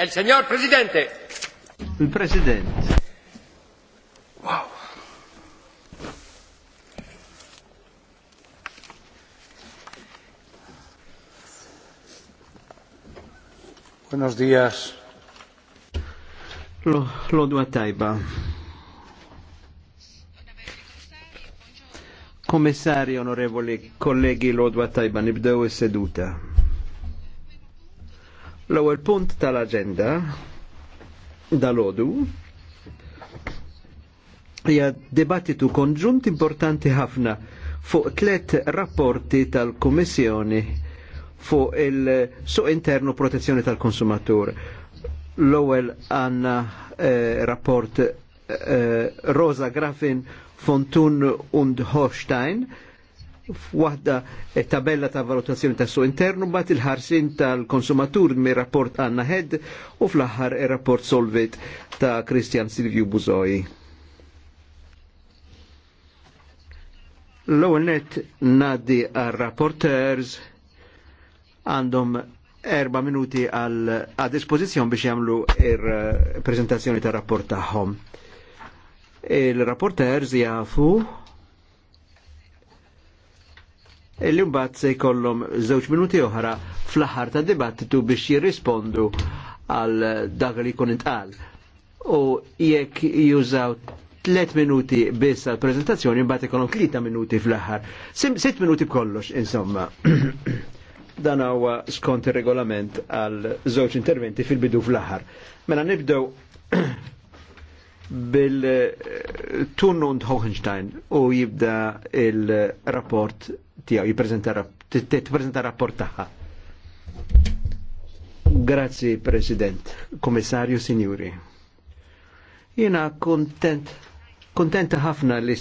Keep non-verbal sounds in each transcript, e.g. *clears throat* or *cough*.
El Signor Presidente. Il Presidente. Wow. Buenos días. Lo, lo Lodwa taiba. Commissario, onorevoli, kollegi, lodwa taiba, nibdeu is-seduta. L-ewwel punt tal-aġenda dal odu hija dibattitu konġunt importanti ħafna fuq tliet rapporti tal-Kummissjoni fuq il-suq internu protezzjoni tal-konsumatur. L-ewwel għandna eh, rapport eh, Rosa Grafin Fontun und Holstein f'waħda eh, tabella ta' valutazzjoni ta' su internu bat il-ħarsin tal-konsumatur mir rapport Anna Head u fl-aħħar il-rapport Solvit ta' Christian Silvio Buzoi. L-ewwel net nadi għar rapporters għandhom erba minuti għal a dispożizzjon biex jagħmlu ir-preżentazzjoni eh, tar rapport tagħhom. Il-rapporters jafu li mbagħad se jkollhom żewġ minuti oħra fl-aħħar ta' dibattitu biex jirrispondu għal dak li jkun intqal. U jekk jużaw tliet minuti biss għal prezentazzjoni mbagħad ikollhom tlieta minuti fl-aħħar. Sitt minuti b'kollox, insomma. *clears throat* Dan huwa skont ir-regolament għal żewġ interventi fil-bidu fl-aħħar. Mela nibdew *clears throat* bil-Tunund Hohenstein u jibda il-rapport tiegħu jippreżenta rapport tagħha. Grazzi President, Komissarju Sinjuri. Jiena kontent kontenta ħafna li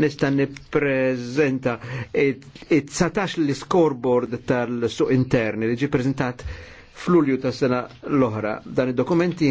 nista' nippreżenta it-19 li scoreboard tal-suq interni li ġi prezentat fl-Ulju tas-sena l-oħra. Dan id-dokumenti